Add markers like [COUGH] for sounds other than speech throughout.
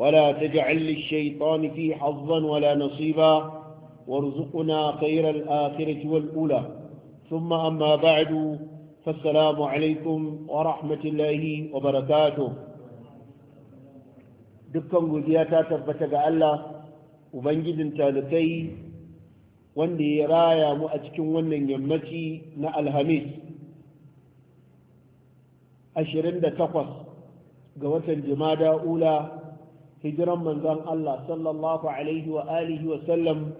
ولا تجعل للشيطان فيه حظا ولا نصيبا وارزقنا خير الآخرة والأولى ثم أما بعد فالسلام عليكم ورحمة الله وبركاته dukkan godiya ta tabbata ga Allah ubangijin talibai wanda ya raya mu a cikin wannan yammaci na alhamis 28 ga watan jima'a ula. hijiran manzon Allah sallallahu alaihi wa alihi wa sallam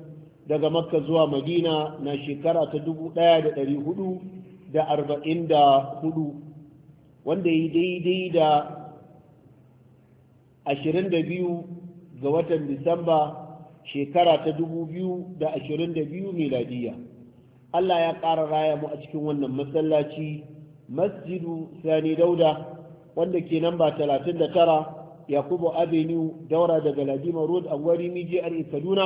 daga makka zuwa madina na shekara ta 1444 wanda yi daidai da 22 ga watan disamba shekara ta 2022 miladiya Allah ya ƙara raya mu a cikin wannan masallaci masjidu sani dauda wanda ke nan ba 39 yakubu avenue daura daga ladima road a gwari mijiyar kaduna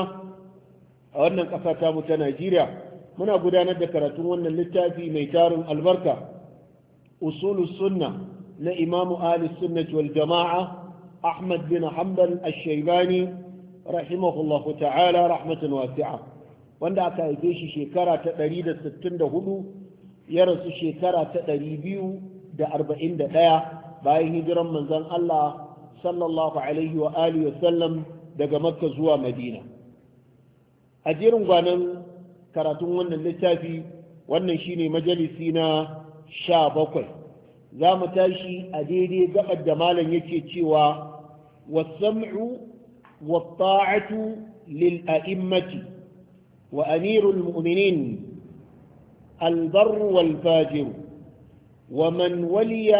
a wannan ƙasa tamu ta najeriya muna gudanar da karatun wannan littafi mai tarin albarka usulus sunna na imamu ali sunnat wal jama'a ahmad bin hanbal ash-shaybani rahimahullahu ta'ala rahmatan wasi'a wanda aka haife shi shekara ta 164 ya rasu shekara ta 241 bayan hijiran manzon Allah صلى الله عليه وآله وسلم دقى مكة زوا مدينة أجيرون غانم كراتون ون اللتافي ون شيني مجلسينا شابوكي زام تاشي أديري قد جمالا يكي تشيوا والسمع والطاعة للأئمة وأمير المؤمنين البر والفاجر ومن ولي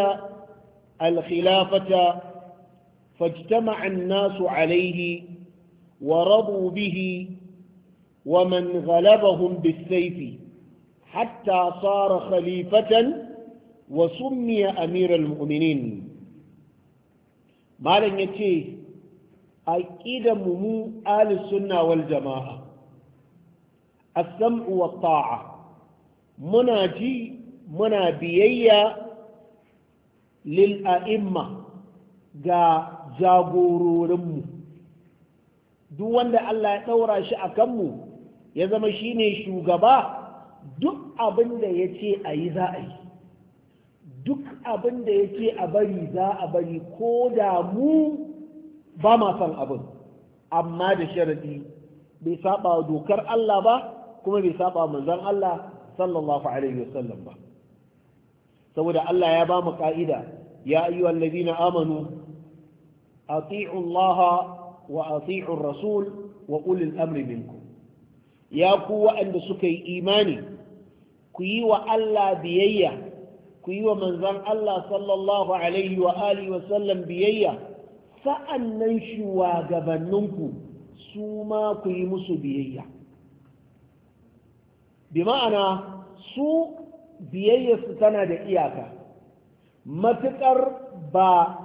الخلافة فاجتمع الناس عليه ورضوا به ومن غلبهم بالسيف حتى صار خليفة وسمي أمير المؤمنين ما لن يتي أكيد ممو آل السنة والجماعة السمع والطاعة مناجي منابيية للأئمة ga jagororinmu duk wanda Allah ya ɗaura shi a kanmu ya zama shine shugaba duk abin da ya ce za a yi duk abin da ya a bari za a bari ko da mu ba ma son abin amma da sharadi bai saba dokar Allah ba kuma bai saba manzon Allah sallallahu alaihi wasallam ba saboda Allah ya ba mu ka'ida ya ayyuhallazina amanu atiu Allah wa atiu Rasul wa ulil amri minkum ya ku wa'anda suka yi imani ku yi wa Allah biyayya ku yi wa manzan Allah sallallahu alaihi wa alihi wa sallam biyayya sa'annan shugabanninku su ma ku yi musu biyayya bi ma'ana su biyayya su tana da iyaka matuƙar ba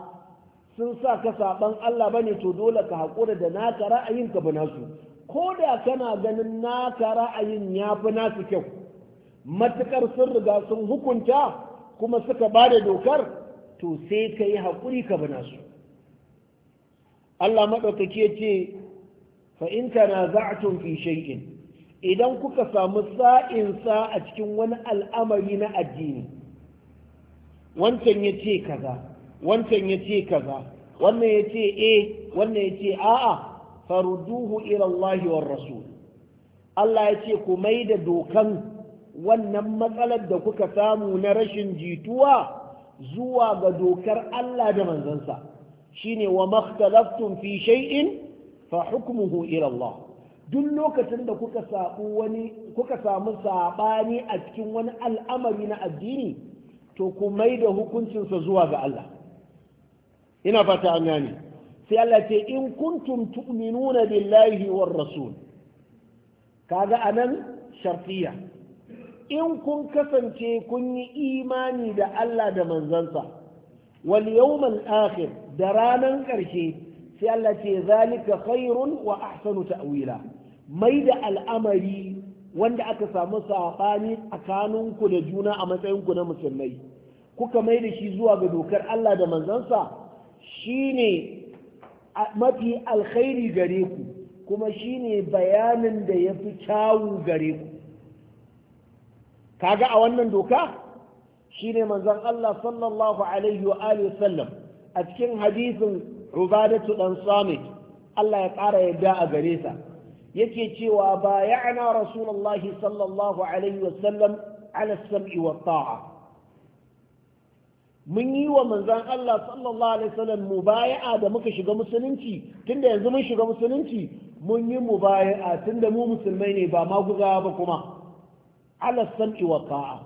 sun sa ka saban Allah bane to dole ka haƙura da naka ra'ayin ka bi nasu ko da kana ganin naka ra'ayin ya fi nasu kyau matukar sun riga sun hukunta kuma suka ba da dokar to sai ka yi haƙuri ka bi nasu Allah maɗaukaki ce fa in kana za'atun fi shay'in idan kuka samu sa'insa a cikin wani al'amari na addini wancan ya ce kaza wancan ya ce kaza wannan ya ce eh wannan ya ce a'a farduhu ila Allah wa rasul Allah ya ce ku mai da dokan wannan matsalar da kuka samu na rashin jituwa zuwa ga dokar Allah da manzansa shine wa makhtalaftum fi shay'in fa hukmuhu ila Allah duk lokacin da kuka samu wani kuka samu sabani a cikin wani al'amari na addini to ku mai da hukuncinsa zuwa ga Allah ina fata an gane sai Allah ce in kuntum tu'minuna billahi war rasul kaga anan shartiya in kun kasance kun yi imani da Allah da manzansa wal yawmal akhir da ranan karshe sai Allah ce zalika khairun wa ahsanu ta'wila mai da al'amari wanda aka samu saɓani tsakaninku da juna a matsayinku na musulmai kuka mai da shi zuwa ga dokar Allah da manzansa shine mafi alkhairi gare ku kuma shine bayanin da ya fi kyawu gare ku kaga a wannan doka shine manzon Allah sallallahu alaihi wa alihi sallam a cikin hadisin Ubadatu dan Samit Allah ya ƙara yadda a gare sa yake cewa bayana rasulullahi sallallahu alaihi wa sallam ala sam'i wa ta'a mun yi wa manzan Allah sallallahu alaihi wasallam mubaya'a da muka shiga musulunci tunda yanzu mun shiga musulunci mun yi mubaya'a tunda mu musulmai ne ba maguza ba kuma ala sam'i wa ta'a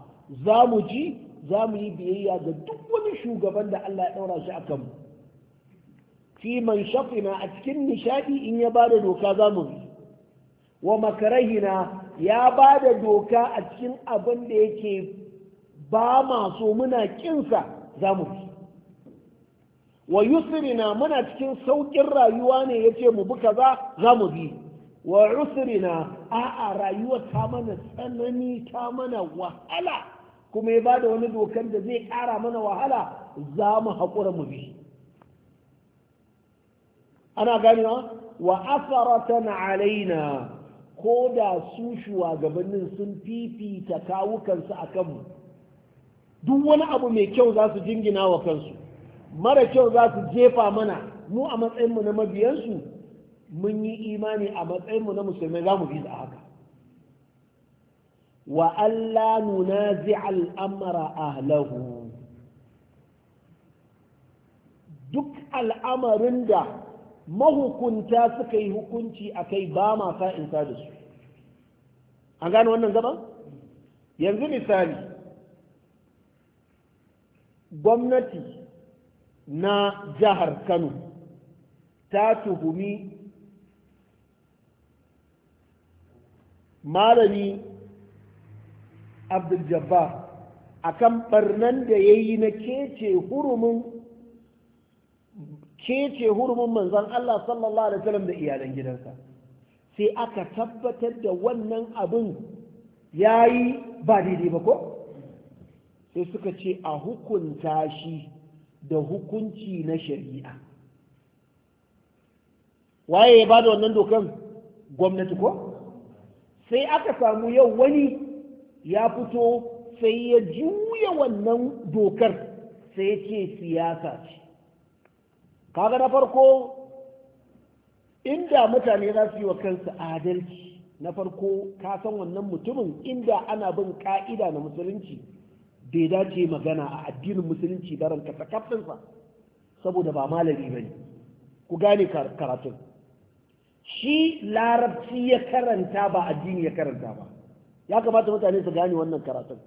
za mu ji za yi biyayya ga duk wani shugaban da Allah ya daura shi akan mu fi man shafina a cikin nishadi in ya bada doka za mu bi wa makarahina ya bada doka a cikin abin da yake ba ma so muna kinsa za mu bi wa yusrina muna cikin saukin rayuwa ne yace mu bi kaza za mu bi wa usrina a'a rayuwa ta mana tsanani ta mana wahala kuma ya bada wani dokan da zai ƙara mana wahala za mu haƙura mu bi ana ganewa wa asaratan alaina ko da su shugabannin sun fifita kawukansu a kanmu duk wani abu mai kyau za su jingina wa kansu mara kyau za su jefa mana mu a matsayinmu na mabiyansu mun yi imani a matsayinmu na musulmai za mu a haka wa Allah nuna zi'al amara ahlahu duk al'amarin da mahukunta suka yi hukunci a kai ba ma sa da su an gane wannan gaba yanzu misali gwamnati na jihar kano ta tuhumi malami abdul-jabbar a kan barnan da ya yi na kece hurumin kece hurumin manzan Allah sallallahu Alaihi wasallam da iyalan gidansa sai aka tabbatar da wannan abin ya yi ba daidai ba ko? sai suka ce a hukunta shi da hukunci na shari'a waye ya bada wannan dokan gwamnati ko sai aka samu yau wani ya fito sai ya juya wannan dokar sai ya ce siyasa ce kaga na farko inda mutane za su yi wa kansu adalci na farko ka san wannan mutumin inda ana bin ka'ida na musulunci bai dace magana a addinin musulunci barin kasa kafinsa saboda ba malami bane ku gane karatun shi larabci ya karanta ba addini ya karanta ba ya kamata mutane su gane wannan karatun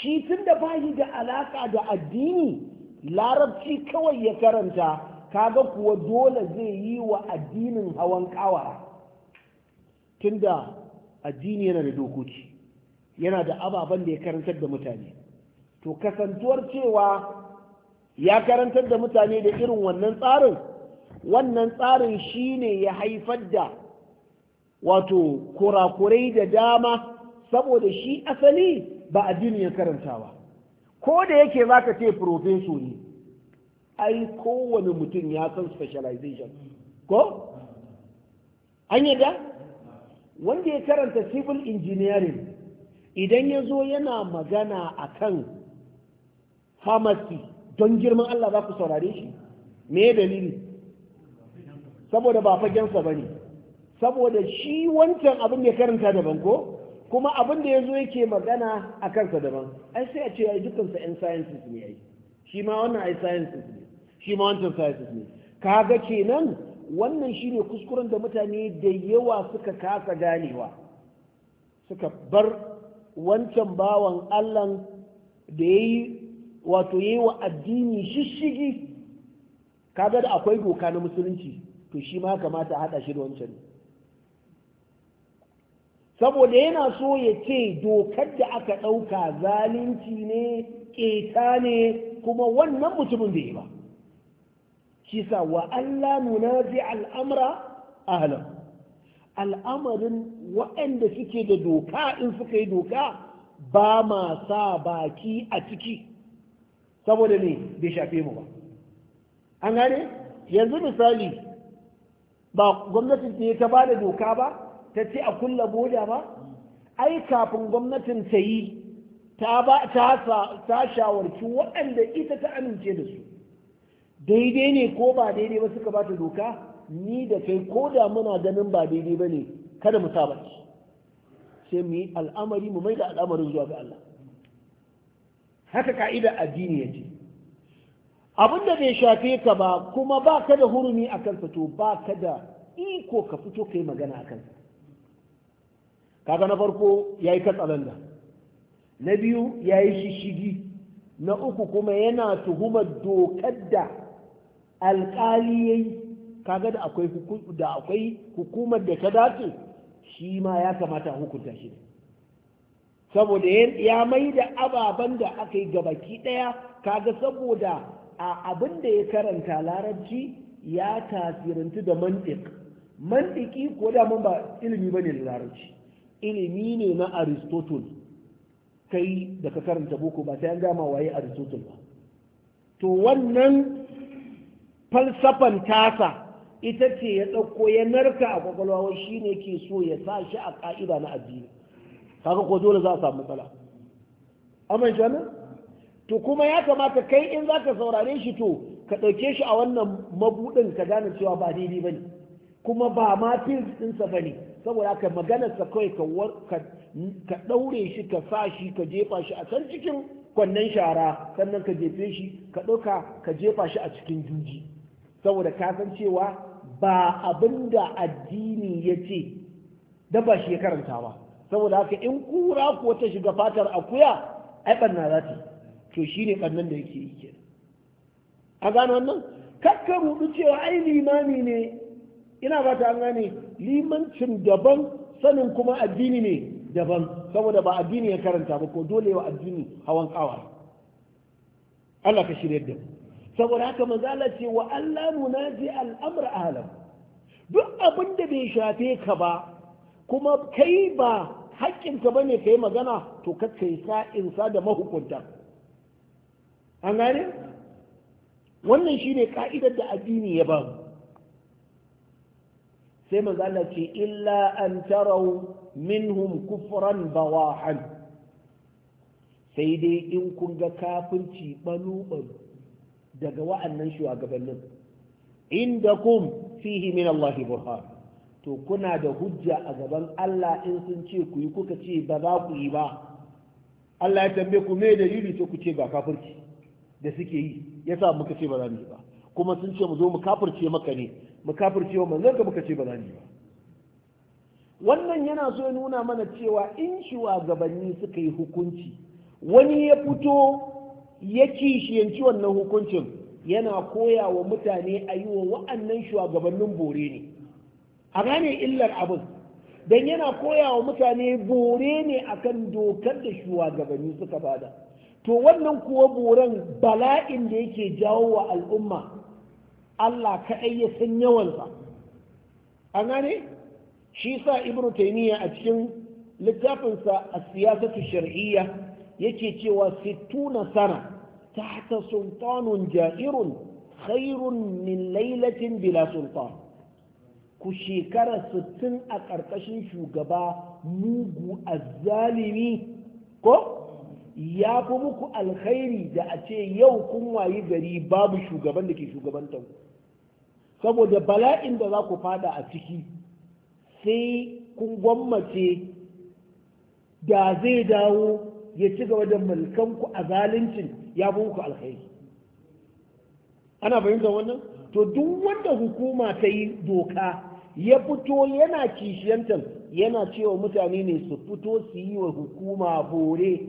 shi tun da bayi da alaka da addini larabci kawai ya karanta kaga kuwa dole zai yi wa addinin hawan kawara Tunda da addini yana da dokoki yana da ababen da ya karantar da mutane to kasantuwar cewa ya karantar da mutane da irin wannan tsarin wannan tsarin shi ne ya haifar da wato kurakurai da dama saboda shi asali ba addini ya karanta ba ko da yake za ka ce profeso ne ai kowane mutum ya san specialization ko an yadda wanda ya karanta civil engineering idan ya zo yana magana a kan. pharmacy don girman Allah za ku saurare shi me dalili saboda ba fagensa ba ne saboda shi wancan abin da ya karanta daban ko kuma abin da ya zo yake magana a kansa daban ai sai a ce ai dukansa yan sciences ne ai shi ma wannan ai sciences ne shi ma wancan sciences ne kaga kenan wannan shine kuskuren da mutane da yawa suka kasa ganewa suka bar wancan bawan Allah da ya yi wato yi wa addini shishigi kaga da akwai doka na musulunci to shi ma kamata a haɗa shi da wancan saboda yana so ya ce dokar da aka ɗauka zalunci ne ƙeta ne kuma wannan mutumin bai yi ba shi sa wa Allah nuna zai al'amra ahlan al'amarin waɗanda suke da doka in suka yi doka ba ma sa baki a ciki saboda me bai shafe mu ba an gane yanzu misali ba gwamnatin ce ta bada doka ba ta ce a kulla boda ba ai kafin gwamnatin ta yi ta shawarci waɗanda ita ta amince da su daidai ne ko ba daidai ba suka ba ta doka ni da kai ko da muna ganin ba daidai ba ne kada mu saba sai mu yi al'amari mu mai da al'amarin zuwa ga Allah haka ka'ida addini ya ce abin da bai shafe ka ba kuma ba ka da hurumi a kansa to ba ka da iko ka fito ka yi magana a kansa kaga na farko ya yi katsalanda na biyu ya yi shishigi na uku kuma yana tuhumar dokar da alkali ya kaga da akwai hukumar da ta dace shi ma ya kamata hukunta shi ne saboda ya mai da ababen da aka yi gabaki ɗaya kaga saboda a abin da ya karanta larabci ya tasirantu da mantik mantiki ko da mun ba ilimi bane da larabci ilimi ne na aristotle kai da ka karanta boko ba sai an gama waye aristotle ba to wannan falsafan tasa ita ce ya ɗauko ya narka a kwakwalwa shi ne ke so ya sa shi a ka'ida na addini kaga ko dole za a samu matsala amin jana to kuma ya kamata kai in za ka saurare shi to ka ɗauke shi a wannan mabuɗin ka gane cewa ba daidai ba ne kuma ba ma fil ɗinsa ba ne saboda ka maganarsa kawai ka ɗaure shi ka sa shi ka jefa shi a can cikin kwannan shara sannan ka jefe shi ka ɗauka ka jefa shi a cikin juji saboda ka san cewa ba abinda addini ya ce da ba shi ya karanta ba saboda haka in kura ko ta shiga fatar akuya ai barna za ta to shine barnan da yake yi ke a gano wannan kakka rudu cewa ai limami ne ina ba ta an gane limancin daban sanin kuma addini ne daban saboda ba addini ya karanta ba ko dole wa addini hawan kawa Allah ka shirye da saboda haka manzala ce wa Allah munaji al'amr alam duk abin da bai shafe ka ba kuma kai ba haƙƙinka ba ne ka yi magana to ka kai sa'insa da mahukunta an gane wannan shi ne ƙa'idar da addini ya ba mu sai manzala ce illa an tarau minhum kufran bawahan sai dai in kun ga kafinci ɓalu daga wa'annan shugabannin inda kum fihi min Allahi burhan to kuna da hujja a gaban Allah in sun ce ku yi kuka ce ba za ku yi ba Allah ya tambaye ku me dalili to ku ce ba kafirci da suke yi yasa muka ce ba za mu yi ba kuma sun ce mu zo mu kafirce maka ne mu kafirce wa manzon ka muka ce ba za mu yi ba wannan yana so ya nuna mana cewa in gabanni suka yi hukunci wani ya fito ya kishiyanci wannan hukuncin yana koya wa mutane a yi wa wa'annan shugabannin bore ne a gane illar abin don yana koya wa mutane bore ne akan dokar da shugabanni suka bada to wannan kuwa boren bala'in da yake jawo wa al'umma Allah kaɗai ya san yawansa a gane shi sa ibnu taymiya a cikin littafinsa a siyasatu shar'iyya yake cewa sittuna ta tahta sultanun ja'irun khairun min lailatin bila sultan ku shekara sittin a ƙarƙashin shugaba mugu azzalimi ko ya fi muku alkhairi da a ce yau kun wayi gari babu shugaban da ke shugabantar saboda bala'in da za ku fada a ciki sai kun gwammace da zai dawo ya ci gaba da mulkanku a zaluncin ya fi muku alkhairi ana fahimtar wannan to duk wanda hukuma ta yi doka ya fito yana kishiyantar yana cewa mutane ne su fito su yi wa hukuma bore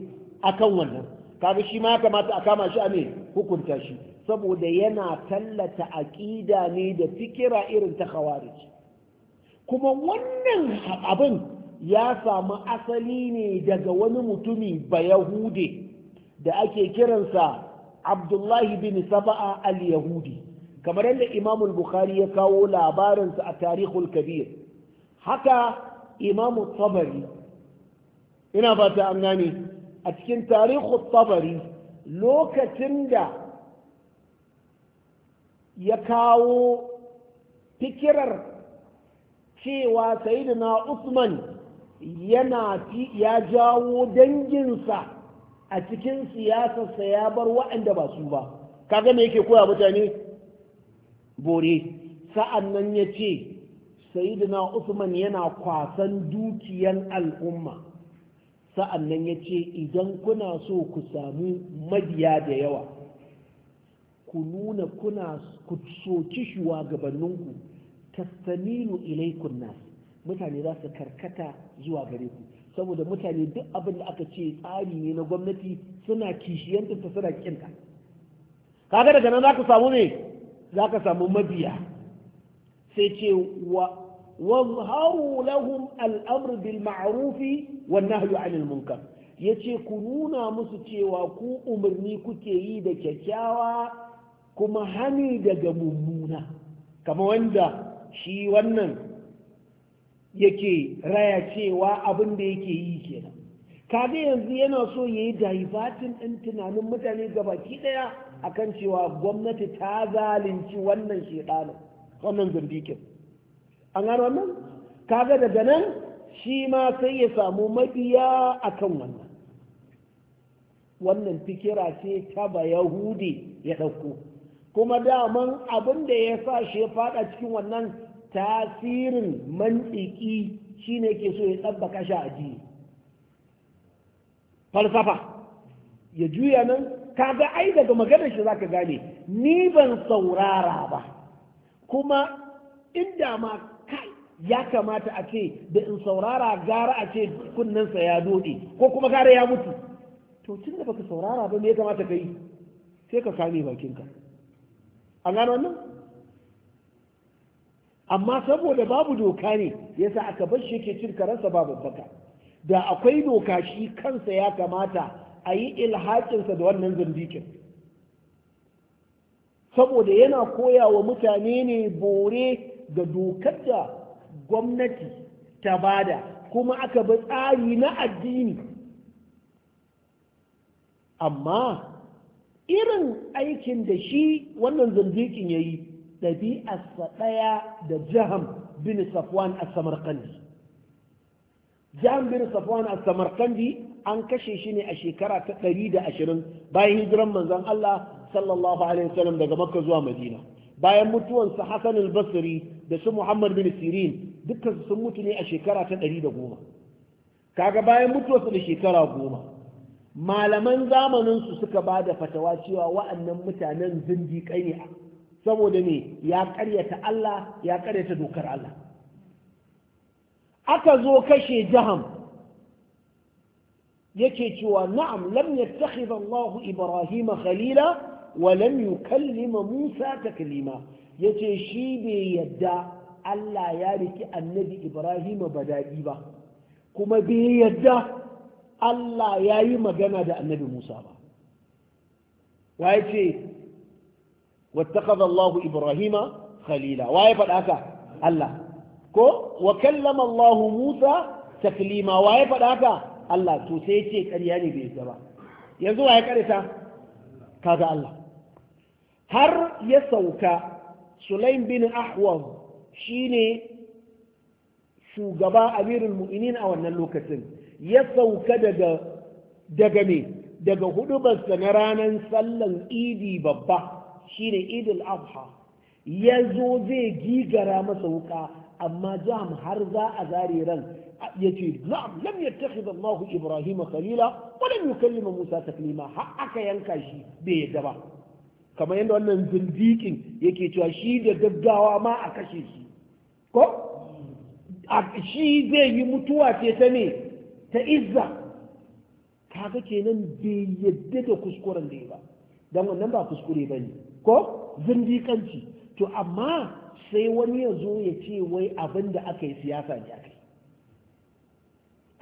kan wannan kaga shi ma kamata a kama shi a ne hukunta shi saboda yana tallata aƙida ne da fikira irin ta khawarij kuma wannan abin ya samu asali ne daga wani mutumi bayahude da ake kiransa abdullahi bin saba'a al-yahudi kamar yadda imam bukhari ya kawo labarinsa a tarihul kabir haka imam tabari ina fata an gane a cikin tarihul tabari lokacin da ya kawo fikirar cewa sayidina usman yana ya jawo danginsa a cikin siyasarsa ya bar waɗanda ba su ba kaga me yake koya mutane bore sa'an nan ya ce sayidina usman yana kwasan dukiyan al'umma sa'an nan ya ce idan kuna so ku samu mabiya da yawa ku nuna kuna ku soki shugabanninku tastaminu ilaikun nas mutane za su karkata zuwa gare ku saboda mutane duk abin da aka ce tsari ne na gwamnati suna kishiyanta ta suna kinta kaga daga nan za ku samu ne za ka samu mabiya sai ce wa wazharu lahum al'amr bil ma'rufi wan nahyu 'anil munkar yace ku nuna musu cewa ku umarni kuke yi da kyakkyawa kuma hani daga mummuna Kamar wanda shi wannan yake raya cewa abin da yake yi kenan kaga yanzu yana so yayi daifatin din tunanin mutane gabaki daya akan cewa gwamnati ta zalunci wannan shedanin wannan zambikin an gano wannan kaga daga nan shi ma sai ya samu mabiya akan wannan wannan fikira ce ta ba yahudi ya ɗauko kuma daman abin da ya sa shi ya fada cikin wannan tasirin mantiki shine ke so ya tsabba shi a falsafa ya juya nan kaga ai daga maganar shi zaka gane ni ban saurara ba kuma inda ma kai ya kamata a ce da in saurara gara a ce kunnensa ya dode ko kuma gara ya mutu to tun da baka saurara ba me ya kamata ka yi sai ka kame bakinka an gano wannan amma saboda babu doka ne yasa aka bar shi ke cin karansa babu baka da akwai doka shi kansa ya kamata a yi ilhakinsa da wannan zindikin saboda yana koya wa mutane ne bore ga dokar da gwamnati ta bada kuma aka bi tsari na addini amma irin aikin da shi wannan zindikin ya yi ɗabi'arsa ɗaya da jiham bin safwan a samarkandi bin safwan a samarkandi an kashe shi ne a shekara ta ɗari da ashirin bayan hijiran manzon Allah sallallahu alaihi wasallam daga makka zuwa madina bayan mutuwansa hassan al-basri da su muhammad bin sirin dukkan sun mutu ne a shekara ta ɗari da goma kaga bayan mutuwarsa da shekara goma malaman zamaninsu suka ba da fatawa cewa wa'annan mutanen zindiƙai ne saboda ne ya ƙaryata Allah ya ƙaryata dokar Allah aka zo kashe jaham yake cewa na'am lam yattakhidha Allahu Ibrahim khalila wa lam yukallima Musa taklima yace shi bai yadda Allah ya riki annabi Ibrahim badadi ba kuma bai yadda Allah ya yi magana da annabi Musa ba wa yace wattakhadha Allahu Ibrahim khalila wa ya haka Allah ko wa kallama Allahu Musa taklima wa ya faɗa haka Allah to sai ya ce ƙarya ne bai yadda ba yanzu wa ya karita kaga Allah har ya sauka Sulaim bin Ahwaz shine shugaba amirul mu'minin a wannan lokacin ya sauka daga daga me daga hudubarsa na ranar sallan idi babba shine idul adha ya zo zai gigara masa wuka amma jam har za a zare ran yace na'am lam yattakhidh Allah Ibrahim khalila wa lam yukallima Musa taklima har aka yanka shi bai yadda ba kamar yadda wannan zindikin yake cewa shi da gaggawa ma a kashe shi ko shi zai yi mutuwa ce ta ne ta izza kaga kenan bai yadda da kuskuren da yi ba don wannan ba kuskure ba ne ko zindikanci to amma sai wani ya zo ya ce wai abin da aka yi siyasa ne aka yi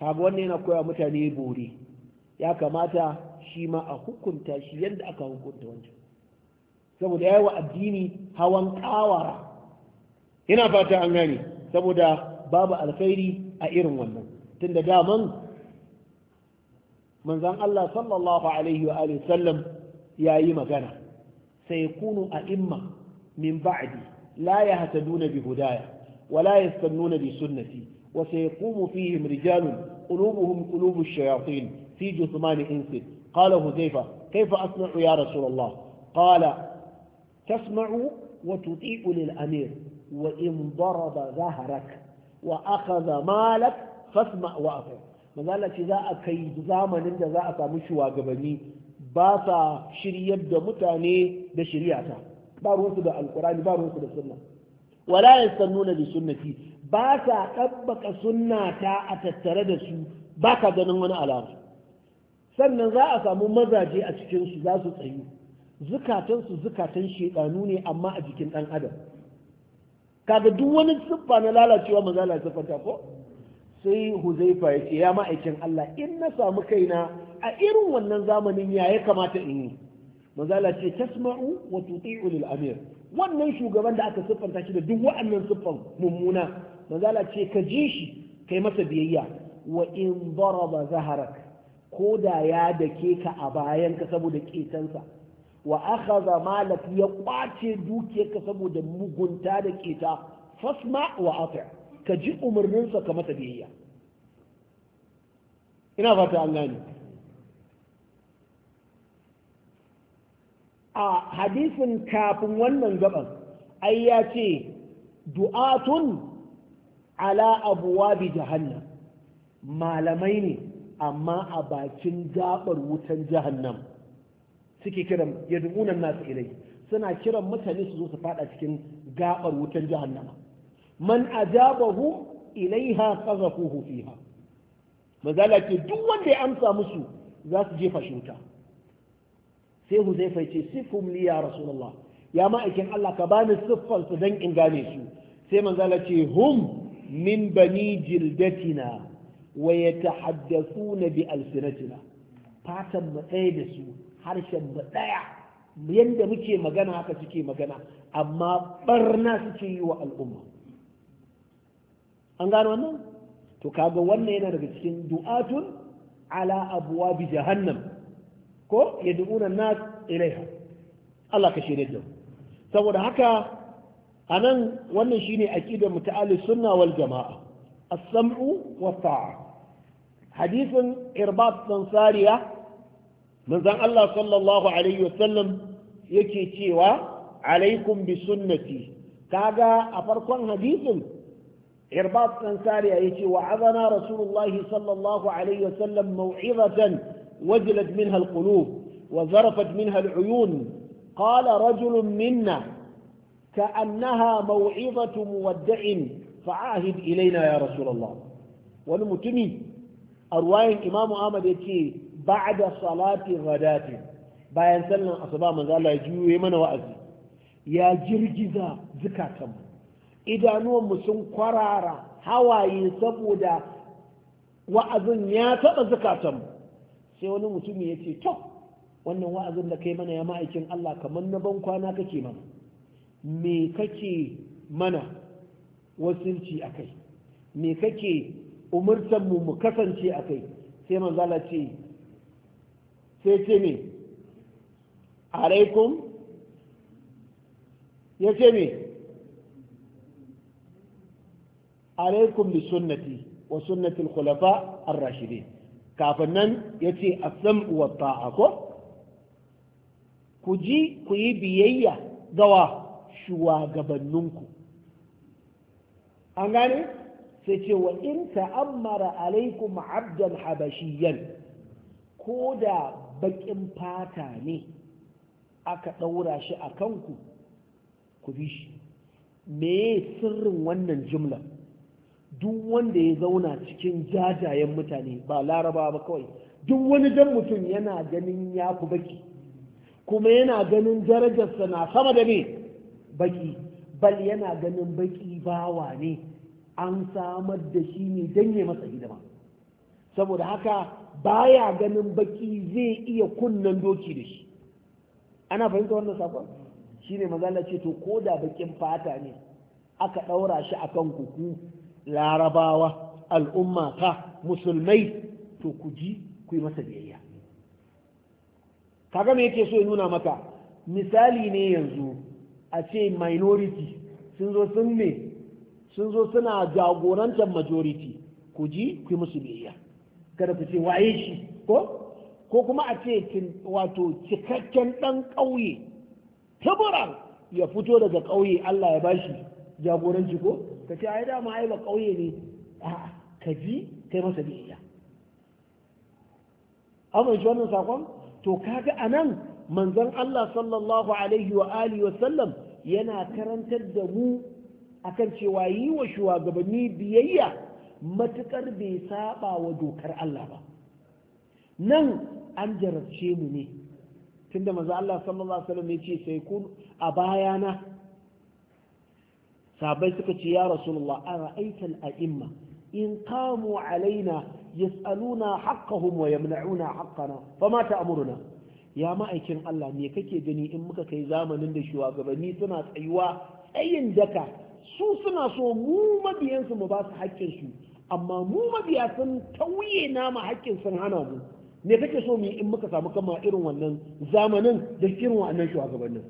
kaga wannan yana koya mutane bore ya kamata shi ma a hukunta shi yadda aka hukunta wancan saboda ya yi wa addini hawan kawara yana fata an gane saboda babu alkhairi a irin wannan tunda daman manzan Allah sallallahu alaihi wa sallam ya yi magana sai kunu a imma min ba'di la yahtaduna bi hudaya wala yastannuna bi sunnati وسيقوم فيهم رجال قلوبهم قلوب الشياطين في جثمان إنس قال هزيفة كيف أسمع يا رسول الله قال تسمع وتطيع للأمير وإن ضرب ظهرك وأخذ مالك فاسمع وأطع مازالة إذا أكي زامن إذا ذا أسامشوا قبني باسا شريب دا متاني بشريعته شريعتا بارون القرآن بارون سبع السنة ولا يستنون بسنتي ba sa ɗabbaka sunna ta a tattare da su ba ka ganin wani alama sannan za a samu mazaje a cikinsu za su tsayu zukatansu zukatan shekanu ne amma a jikin ɗan adam kaga duk wani siffa na lalacewa maza la ko sai huzaifa ya ce ya ma'aikin Allah in na samu kaina a irin wannan zamanin ya ya kamata in yi mazala ce tasma'u wa tuti'u lil amir wannan shugaban da aka siffanta shi da duk wa'annan siffan mummuna manzala ce ka ji shi kai masa biyayya wa in daraba zaharak ko da ya dake ka a bayan ka saboda ketansa wa akhadha malak ya kwace ka saboda mugunta da keta fasma wa ati ka ji umarninsa ka masa biyayya ina fata an gani. a hadisin kafin wannan gaban ai ya ce du'atun ala abuwabi jahannam malamai ne amma a bakin zabar wutan jahannam suke kiran yad'una nasu ilai suna kiran mutane su zo su fada cikin gabar wutan jahannama man ajabahu ilaiha qazafuhu fiha mazala ke duk wanda ya amsa musu za su jefa shi wuta sai huzaifa ce sifum li ya rasulullah ya ma'aikin Allah ka bani siffar su dan in gane su sai manzala ce hum min bani jildatina wa na bi alsinatina fatan mu ɗaya da su harshen mu ɗaya yanda muke magana haka suke magana amma barna suke yi wa al'umma an gano wannan to kaga wannan yana daga cikin du'atun ala abuwa bi jahannam ko yad'una nas ilaiha Allah ka shirye da saboda haka a nan wannan shine aqidar muta'alli sunna wal jama'a as-sam'u wa ta'a hadisin irbat sansariya sariya manzon Allah sallallahu alaihi wa wasallam yake cewa alaikum bi sunnati kaga a farkon hadisin irbat sansariya sariya yace wa azana rasulullahi sallallahu alaihi wa wasallam mau'izatan wajilat minha alqulub وزرفت منها العيون قال rajulun minna. كأنها موعظة مودع فعاهد إلينا Wani رسول الله ونمتمي أرواي إمام أحمد يتي da salatin غداة bayan sallan asuba manzo Allah ya juyo mana wa'azi ya jirgiza zukatan idanuwan mu sun kwarara hawaye saboda wa'azin ya taɓa zukatan sai wani mutum ya ce to wannan wa'azin da kai mana ya ma'aikin Allah kamar na ban kwana kake mana me kake mana wasinci a kai me kake umurtanmu mu kasance a kai sai manzala ce sai ce me alaikum ya ce me alaikum bi sunnati wa sunnati al-khulafa ar-rashidin kafin nan ya ce a wa ta'a ko ku ji ku yi biyayya gawa shugabanninku an gane sai ce wa in ta'ammara alaikum abdan habashiyan ko da bakin fata ne aka ɗaura shi a kanku ku bi shi me sirrin wannan jumla duk wanda ya zauna cikin jajayen mutane ba laraba ba kawai duk wani jan mutum yana ganin ya ku baki kuma yana ganin darajarsa na sama da ne baki bal yana ganin baki bawa ne an samar da shi ne don ya masa hidima saboda haka baya ganin baki zai iya kunnan doki da shi ana fahimta wannan sakon shi ne mazala ce to ko da bakin fata ne aka ɗaura shi a kan kuku larabawa al'umma ta musulmai to ku ji ku yi masa biyayya kaga me yake so ya nuna maka misali ne yanzu a ce minority sun zo sun ne sun zo suna jagorantar majority ku ji ku musu biyayya kada ku ce waye shi ko ko kuma a ce wato cikakken dan ƙauye tabaran ya fito daga ƙauye Allah ya bashi jagoranci ko ka ce ai dama ai ba ƙauye ne a ka ji kai masa biyayya amma shi wannan sakon to kaga anan manzon Allah sallallahu alaihi wa alihi yana karantar da mu akan cewa yi wa shugabanni biyayya matukar bai saba wa dokar Allah ba nan an jarabce mu ne tunda manzo Allah sallallahu alaihi wasallam yace sai kun a bayana Sabai suka ce ya rasulullah ara'aita a aimma in qamu alaina yas'aluna haqqahum wa yamna'una haqqana fama ta'muruna ya ma'aikin Allah me kake gani in muka kai zamanin da shugabanni suna tsayuwa tsayin daka su suna so mu mabiyansu mu ba su haƙƙin su amma mu mabiya sun tauye nama haƙƙin sun hana mu me kake so mu in muka samu kama irin wannan zamanin da irin wannan shugabannin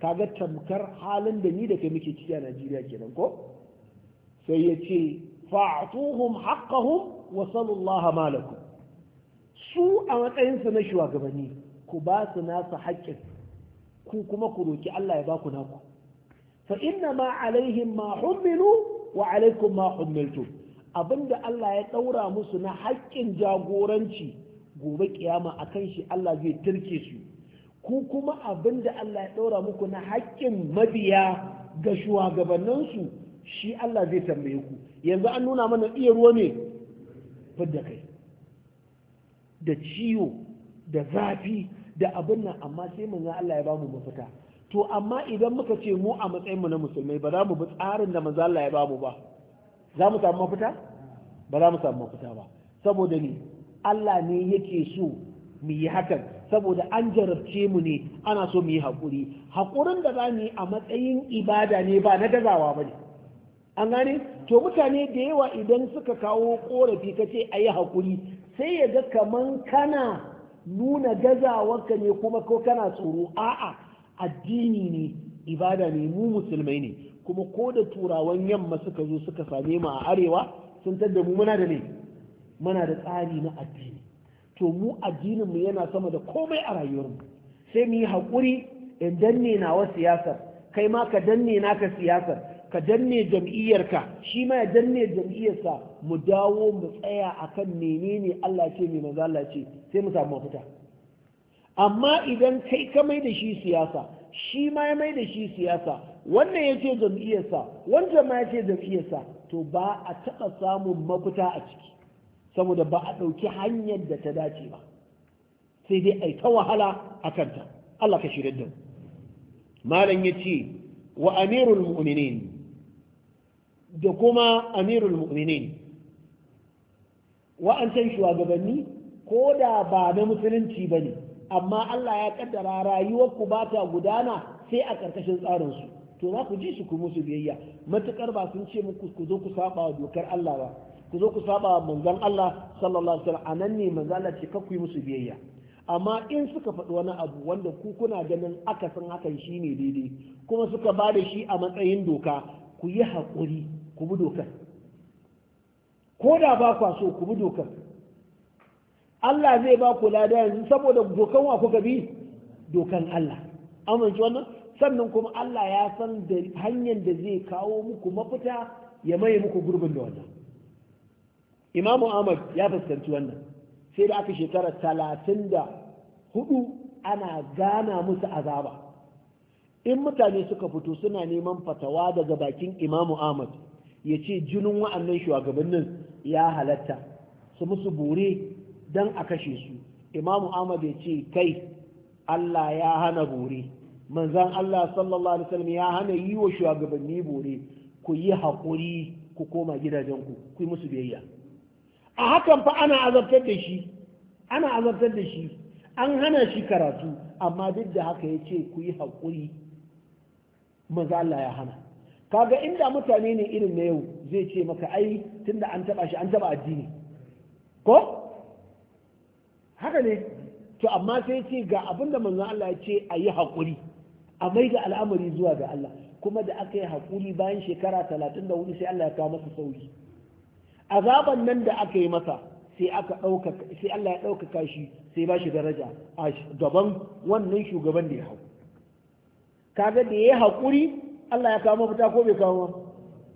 kaga tamkar halin da ni da kai muke ciki a Najeriya kenan ko sai ya ce fa'tuhum haqqahum wa sallallahu malakum su a matsayinsu na shugabanni ku ba su nasu haƙƙin ku kuma ku roki Allah ya ba ku naku fa inna ma alaihim ma hummilu wa alaikum ma hummiltum abinda Allah ya ɗaura musu na haƙƙin jagoranci gobe kiyama akan shi Allah zai turke su ku kuma abinda Allah ya ɗaura muku na haƙƙin mabiya ga shugabanninsu shi Allah zai tambaye ku yanzu an nuna mana iya ruwa ne fidda kai da ciwo da zafi da abin nan amma sai mun ga Allah ya bamu mafita to amma idan muka ce mu a matsayin mu na musulmai ba za mu bi tsarin da manzo Allah ya bamu ba za mu samu mafita ba za mu samu mafita ba saboda ni Allah ne yake so mu yi hakan saboda an jarabce mu ne ana so mu yi haƙuri haƙurin da za mu yi a matsayin ibada ne ba na dazawa ba ne an gane to mutane da yawa idan suka kawo korafi kace ce a yi haƙuri sai ya ga kaman kana nuna gazawarka ne kuma ko kana tsoro a'a addini ne ibada ne mu musulmai ne kuma ko da turawan yamma suka zo suka same mu a arewa sun tadda mu muna da ne muna da tsari na addini to mu addinin mu yana sama da komai a rayuwar mu sai mu yi hakuri in danne nawa siyasar kai ma ka danne naka siyasar ka danne jam'iyyarka shi ma ya danne jam'iyyarsa mu dawo mu tsaya akan menene Allah ce mai manzo Allah ce sai mu samu mafita amma idan kai ka mai da shi siyasa shi ma ya mai da shi siyasa wannan ya ce jam'iyyarsa wanda ma ya ce jam'iyyarsa to ba a taɓa samun mafita a ciki saboda ba a ɗauki hanyar da ta dace ba sai dai ai ta wahala a kanta Allah ka shirar da mu malam ya ce wa amirul mu'minin da kuma amirul mu'minin wa'ancan shugabanni ko da ba na musulunci ba ne amma Allah ya kaddara rayuwarku ba ta gudana sai a ƙarƙashin tsarinsu to za ku ji su ku musu biyayya Matukar ba sun ce muku ku zo ku saba wa dokar Allah ba ku zo ku saba wa manzon Allah sallallahu alaihi wasallam anan ne manzon Allah ce ku yi musu biyayya amma in suka faɗi wani abu wanda ku kuna ganin akasin hakan shine daidai kuma suka ba da shi a matsayin doka ku yi haƙuri ku bi dokar ko da ba kwa so ku bi dokar Allah zai ba ku lada yanzu saboda dokan wa kuka bi dokan Allah amince wannan sannan kuma Allah ya san da hanyar da zai kawo muku mafita ya maye muku gurbin da wannan Imam Ahmad ya fuskanci wannan sai da aka shekara talatin da hudu ana gana musu azaba in mutane suka fito suna neman fatawa daga bakin imamu ahmad ya ce jinin wa'annan shugabannin ya halatta su musu bore don a kashe su imamu ahmad ya ce kai allah ya hana bore manzan allah sallallahu alaihi wasallam ya hana yi wa shugabanni bore ku yi haƙuri ku koma gidajenku ku yi musu biyayya a hakan fa ana azabtar da shi ana azabtar da shi an hana shi karatu amma duk da haka ya ce ku yi haƙuri maza Allah ya hana kaga inda mutane ne irin na yau zai ce maka ai tunda an taba shi an taba addini ko haka ne to amma sai ce ga abinda manzon Allah ya ce a yi haƙuri a mai da al'amari zuwa ga Allah kuma da aka yi haƙuri bayan shekara talatin da hudu sai Allah ya kawo masa sauki azaban nan da aka yi masa sai aka ɗaukaka sai Allah ya ɗaukaka shi sai ba shi daraja a gaban wannan shugaban da ya hau kaga da yayi hakuri Allah ya kawo mafita ko bai kawo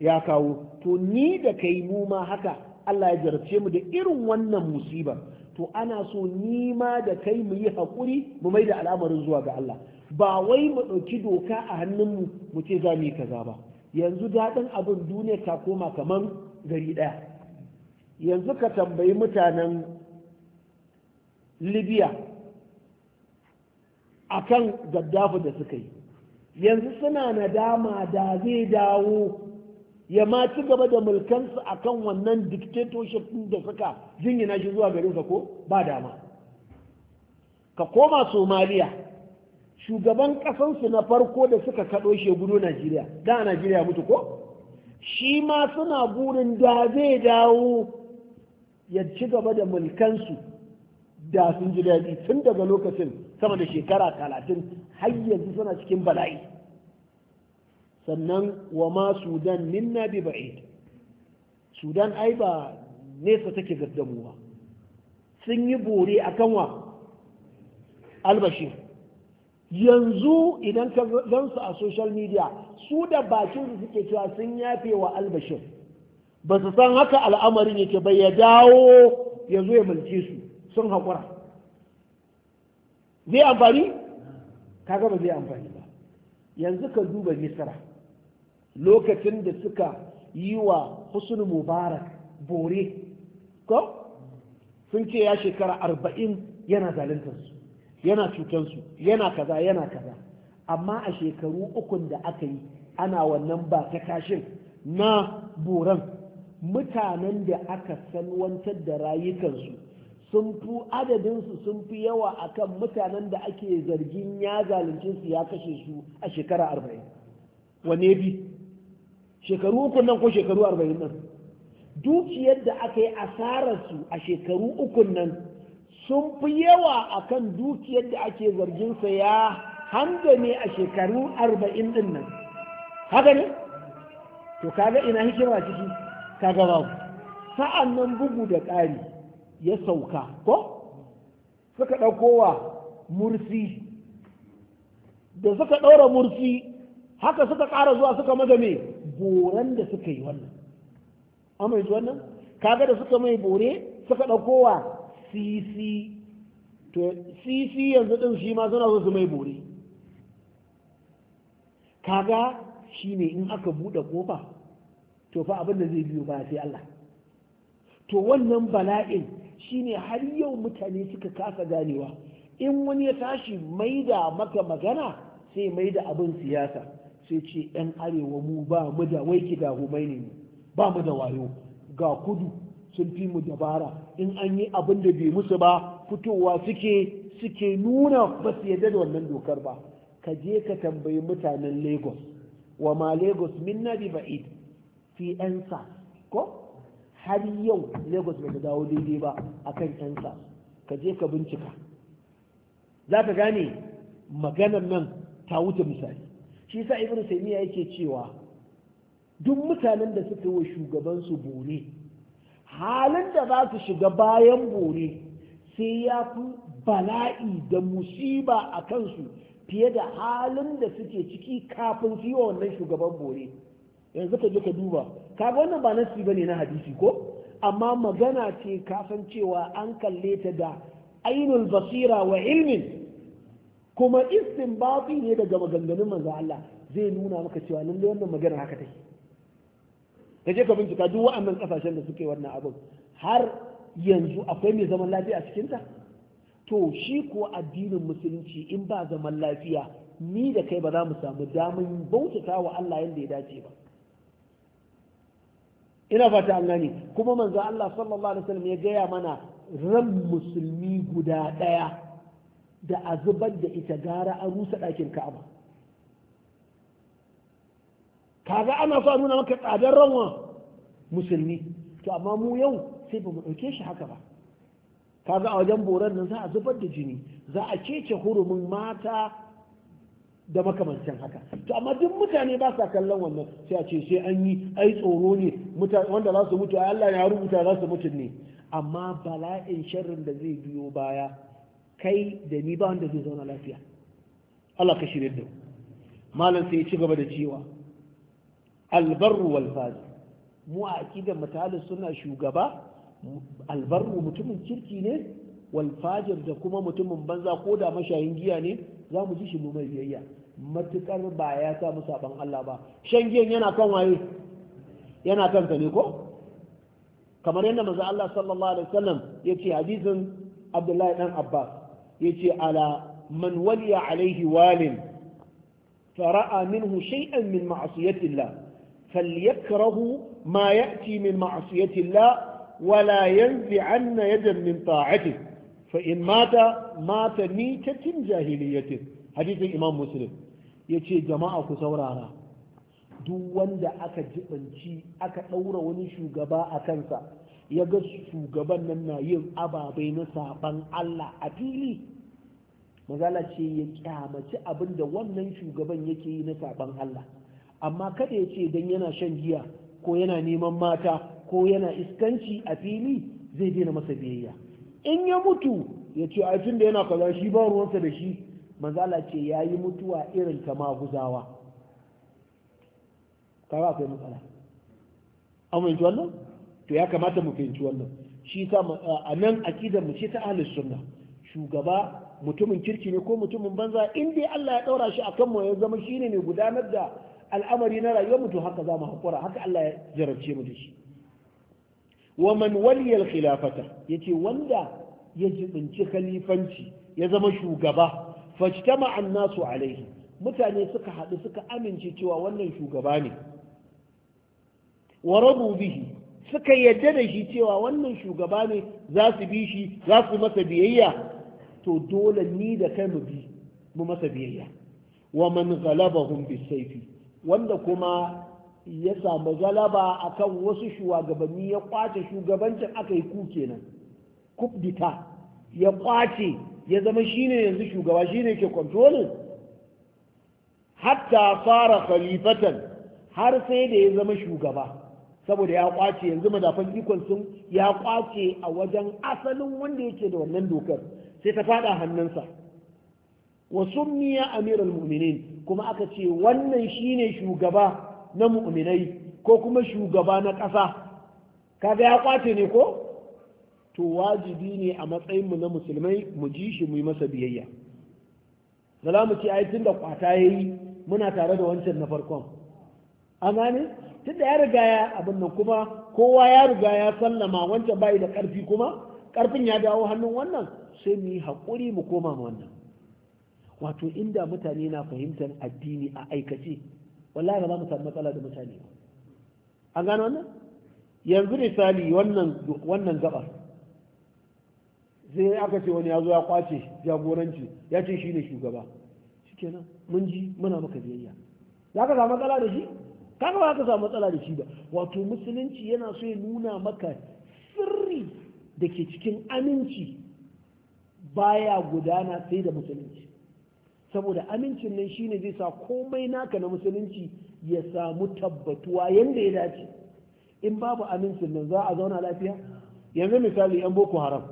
ya kawo to ni da kai mu ma haka Allah ya jarabce mu da irin wannan musiba to ana so ni ma da kai mu yi hakuri mu mai da al'amarin zuwa ga Allah ba wai mu ɗauki doka a hannunmu mu ce za mu yi kaza ba yanzu daɗin abin duniya ta koma kaman gari ɗaya yanzu ka tambayi mutanen libya akan gaddafi da suka yi yanzu suna nadama da zai dawo ya ma ci gaba da mulkansu a kan wannan dictatorship ɗin da suka jingina shi zuwa garin ko ba dama ka koma somaliya shugaban ƙasansu na farko da suka kaɗo shi najeriya da najeriya mutu ko shi ma suna burin da zai dawo ya ci gaba da mulkansu da sun ji daji tun daga lokacin sama da shekara talatin har yanzu suna cikin bala'i sannan wa ma sudan minna bi ba'id sudan ai ba nesa take gaddamuwa sun yi bore akan wa albashir yanzu idan ka gan su a social media su da bakin su suke cewa sun yafe wa albashir ba su san haka al'amarin yake bai ya dawo ya ya mulke su sun haƙura zai amfani kaga ba zai amfani ba yanzu ka duba misra lokacin da suka yi wa husnu mubarak bore ko sun ce ya shekara arba'in yana zaluntarsu yana su, yana kaza yana kaza amma a shekaru ukun da aka yi ana wannan ba ta kashin na boran mutanen da aka san wancan da rayukansu sun fi adadinsu sun fi yawa akan mutanen da ake zargin ya zalunce su ya kashe su a shekara arba'in wane bi shekaru uku nan ko shekaru arba'in nan dukiyar da aka yi asararsu a shekaru uku nan sun fi yawa akan dukiyar da ake zargin sa ya ne a shekaru arba'in din nan haka ne to kaga ina hikima ciki kaga babu sa'an nan bugu da ƙari ya sauka ko suka ɗaukowa mursi da suka ɗaura mursi haka suka ƙara zuwa suka maza mai da suka yi wannan amma yanzu wannan kaga da suka mai bore suka ɗaukowa sisi to sisi yanzu ɗin shi ma suna zo su mai bore kaga shi ne in aka buɗe ƙofa to fa abin da zai biyo ba sai Allah to wannan bala'in shine har yau mutane suka kasa ganewa in wani ya tashi mai da maka magana sai mai da abin siyasa sai ce yan arewa mu ba mu da waiki da humaini ne ba mu da wayo ga kudu sun fi mu dabara in an yi abin da bai musu ba fitowa suke suke nuna ba su yadda da wannan dokar ba ka je ka tambayi mutanen lagos wa ma lagos min na ba'id ko har yau lagos bai dawo daidai ba a kan kansa, ka je ka bincika za ka gane maganar nan ta wuce misali shi sa ibn taymiya yake cewa duk mutanen da suka wa su bore halin da za su shiga bayan bore sai ya fi bala'i da musiba a kansu fiye da halin da suke ciki kafin su yi wa wannan shugaban bore yanzu ka je ka duba ka wannan ba nasi bane na hadisi ko amma magana ce kasan cewa an kalle ta da ainul basira wa ilmin kuma istinbati ne daga maganganun manzo Allah zai nuna maka cewa nan da wannan magana haka take ka je ka bincika duk wa'annan kasashen da suke wannan abin har yanzu akwai mai zaman lafiya a cikinta to shi ko addinin musulunci in ba zaman lafiya ni da kai ba za mu samu damin bautata wa Allah yadda ya dace ba ina fata an gani kuma manzo Allah sallallahu alaihi wasallam ya gaya mana ran musulmi guda daya da azubar da ita gara a rusa ɗakin ka'aba kaga ana so nuna maka tsadar ranwa musulmi to amma mu yau sai ba mu ɗauke shi haka ba kaga a wajen borar nan za a zubar da jini za a cece hurumin mata da makamancin haka to amma duk mutane ba sa kallon wannan sai a ce sai an yi ai tsoro ne wanda za su mutu Allah ya rubuta za su mutu ne amma bala'in sharrin da zai biyo baya kai da ni ba wanda zai zauna lafiya Allah ka shirye da malam sai ya ci gaba da cewa albarru wal fazi mu a aqidar mutalis suna shugaba albarru mutumin kirki ne wal fajir da kuma mutumin banza ko da mashayin giya ne za mu ji shi mu mai biyayya matukar ba ya sa mu saban Allah ba shan giyan yana kan waye yana kan ka ne ko kamar yadda manzo Allah sallallahu alaihi wasallam yace hadisin Abdullahi dan Abbas yace ala man waliya alaihi walin fara'a minhu shay'an min ma'siyati Allah falyakrahu ma ya'ti min ma'siyati wala ولا ينزعن يدا من طاعته fa in mata mata ni cikin jahiliyatin hadisin imam muslim yace jama'a ku saurara duk wanda aka jibanci aka ɗaura wani shugaba a kansa ya ga shugaban nan na yin ababai na saban Allah a fili mazala ce ya kyamaci abin da wannan shugaban yake yi na saban Allah amma kada ya ce don yana shan giya ko yana neman mata ko yana iskanci a fili zai daina masa biyayya in ya mutu ya ce a da yana kaza shi ba ruwansa da shi manzala ce ya yi mutuwa irin ta maguzawa ba akwai matsala an fahimci wannan to ya kamata mu fahimci wannan shi sa a nan akidar mu ce ta ahlus sunna shugaba mutumin kirki ne ko mutumin banza in dai Allah ya daura shi akan mu ya zama shine mai gudanar da al'amari na rayuwar mu to haka za mu haƙura. haka Allah ya jarabce mu da shi wa man waliyal khilafata yace wanda ya jibinci khalifanci ya zama shugaba fajtama ta nasu alaihi mutane suka haɗu suka amince cewa wannan shugaba ne wa rabu bihi suka yadda da shi cewa wannan shugaba ne za su bi shi za su masa biyayya to dole ni da kai mu bi mu masa biyayya wa man ghalabahum bisayfi wanda kuma ya samu galaba a kan wasu shugabanni ya kwace shugabancin aka yi ku kenan kubdita ya kwace ya zama shine yanzu shugaba shine ke controlling hatta fara khalifatan har sai da ya zama shugaba saboda ya kwace yanzu madafan ikon sun ya kwace a wajen asalin wanda yake da wannan dokar sai ta fada hannunsa wa summiya amirul mu'minin kuma aka ce wannan shine shugaba na mu'minai ko kuma shugaba na ƙasa kaga ya kwace ne ko to wajibi ne a matsayin mu na musulmai mu ji shi mu yi masa biyayya da mu ci ai tun da kwata yayi muna tare da wancan na farkon an gane tun ya riga ya abin nan kuma kowa ya riga ya sallama wancan bai da ƙarfi kuma ƙarfin ya dawo hannun wannan sai mu yi haƙuri mu koma wannan wato inda mutane na fahimtar addini a aikace wallahi ba za mu samu matsala da mutane ba an gano wannan yanzu misali wannan wannan gaba sai aka ce wani ya zo ya kwace jagoranci ya ce shine shugaba shikenan mun ji muna maka biyayya za ka samu matsala da shi kaga ba ka samu matsala da shi ba wato musulunci yana so ya nuna maka sirri da ke cikin aminci baya gudana sai da musulunci saboda amincin nan shine zai sa komai naka na musulunci ya samu tabbatuwa yadda ya dace in babu amincin nan za a zauna lafiya yanzu misali yan boko haram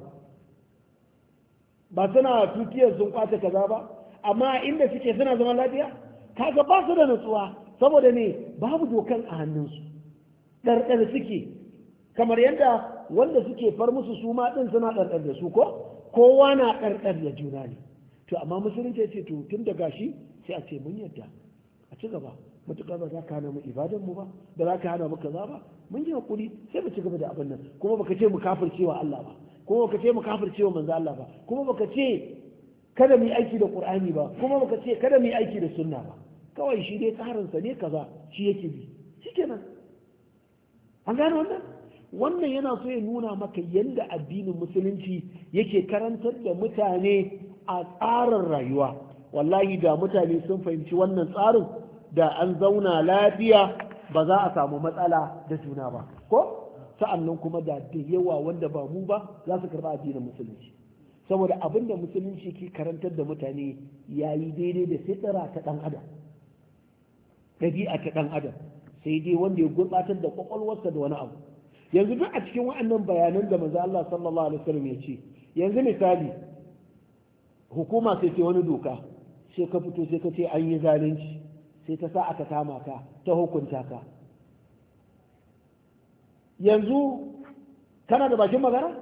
ba suna tutiyar sun kwace kaza ba amma inda suke suna zaman lafiya kaga ba su da nutsuwa saboda ne babu dokan a hannunsu ɗarɗar suke kamar yadda wanda suke far musu su ma ɗin suna ɗarɗar da su ko kowa na ɗarɗar da juna ne to amma musulunci ya ce to tun da gashi sai a ce mun yadda a ci gaba matuƙar ba za ka hana mu ibadan mu ba ba za ka hana mu kaza ba mun yi hakuri sai mu ci gaba da abin nan kuma baka ce mu kafircewa Allah ba kuma baka ce mu kafircewa manzo Allah ba kuma baka ce kada mu yi aiki da Qur'ani ba kuma baka ce kada mu yi aiki da sunna ba kawai shi dai tsarin sa ne kaza shi yake bi shikenan an gane wannan wannan yana so ya nuna maka yadda addinin musulunci yake karantar da mutane a tsarin rayuwa wallahi da mutane sun fahimci wannan tsarin da an zauna lafiya ba za a samu matsala da juna ba ko sa'annan kuma da da yawa wanda ba mu ba za su karɓa addinin musulunci saboda abin da musulunci ke karantar da mutane ya yi daidai da fitira ta ɗan adam ɗabi'a ta ɗan adam sai dai wanda ya gurɓatar da ƙwaƙwalwarsa da wani abu yanzu duk a cikin wa'annan bayanan da manzo Allah sallallahu alaihi wasallam ya ce yanzu misali hukuma sai ce wani doka sai ka fito sai ka ce an yi zalunci sai ta sa aka kama ka ta hukunta ka yanzu kana da bakin magana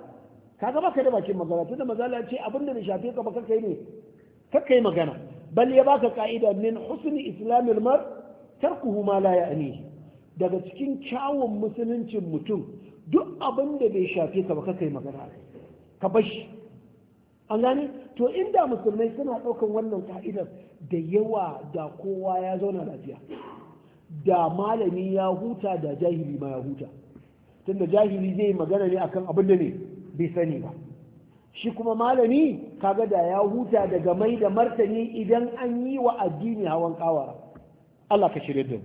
ka ga baka da bakin magana tunda mazala ce abin da bai shafe ka ba kai ne kanka yi magana bal ya baka ka'ida min husni islamil mar tarkuhu ma la ya'ni daga cikin kyawun musuluncin mutum duk abin da bai shafe ka ba kai magana ka bashi an gani to inda musulmai suna ɗaukan wannan ka'idar da yawa da kowa ya zauna lafiya da malami ya huta da jahili ma ya huta tunda jahili zai magana ne akan abin da ne bai sani ba shi kuma malami kaga da ya huta daga mai da martani idan an yi wa addini hawan kawara Allah ka shirya da mu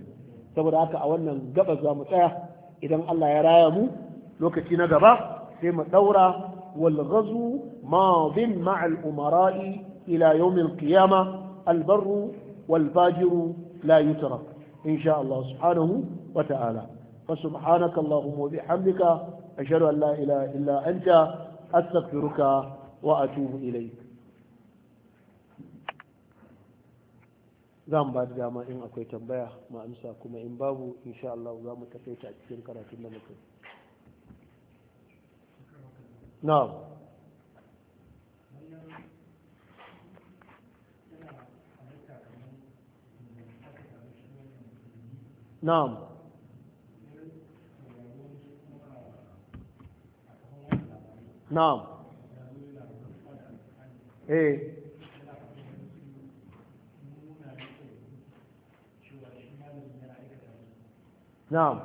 saboda haka a wannan gaba za mu tsaya idan Allah ya raya mu lokaci na gaba sai mu daura والغزو ماض مع الأمراء إلى يوم القيامة البر والفاجر لا يترك إن شاء الله سبحانه وتعالى فسبحانك اللهم وبحمدك أشهد أن لا إله إلا أنت أستغفرك وأتوب إليك zan ba da dama in akwai tambaya ma amsa kuma in babu insha Allah za mu tafi ta cikin karatun da muke na'am na'am Na? eh na'am